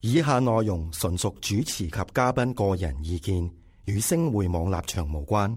以下內容純屬主持及嘉賓個人意見，與星匯網立場無關。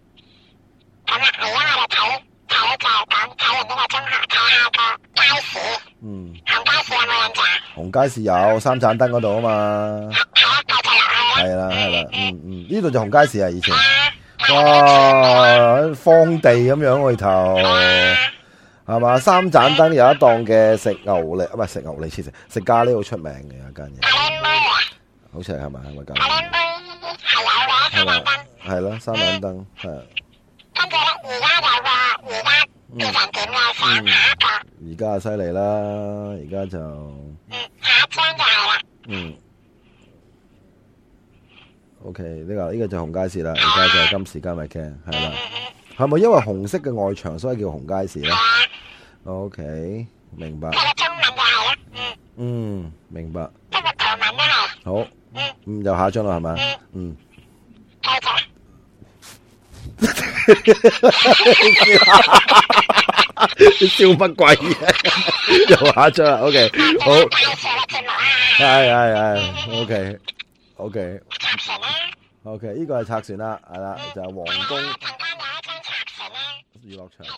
街市有三盞燈嗰度啊嘛，係啦係啦，嗯嗯，呢度就紅街市啊，以前哇荒地咁樣去頭，係、嗯、嘛三盞燈有一檔嘅食牛脷啊，唔係食牛脷，食食咖喱好出名嘅一間嘢，好似係咪啊？係咪咁？係啦三盞燈，係。跟住咧，而、嗯、家、嗯、就個而家而家啊犀利啦，而家就。嗯，OK，呢個呢個就係紅街市啦，而家就係今時今日嘅，係啦。係咪因為紅色嘅外牆所以叫紅街市咧？OK，明白。嗯，明白。好，嗯，又下張啦，係咪？嗯，嗯。哈哈哈哈哈！你笑乜鬼嘢！又下張啦，OK，好。係係係，OK OK 拆啦 OK，呢個係拆船啦，係啦，就係皇宮。要拆。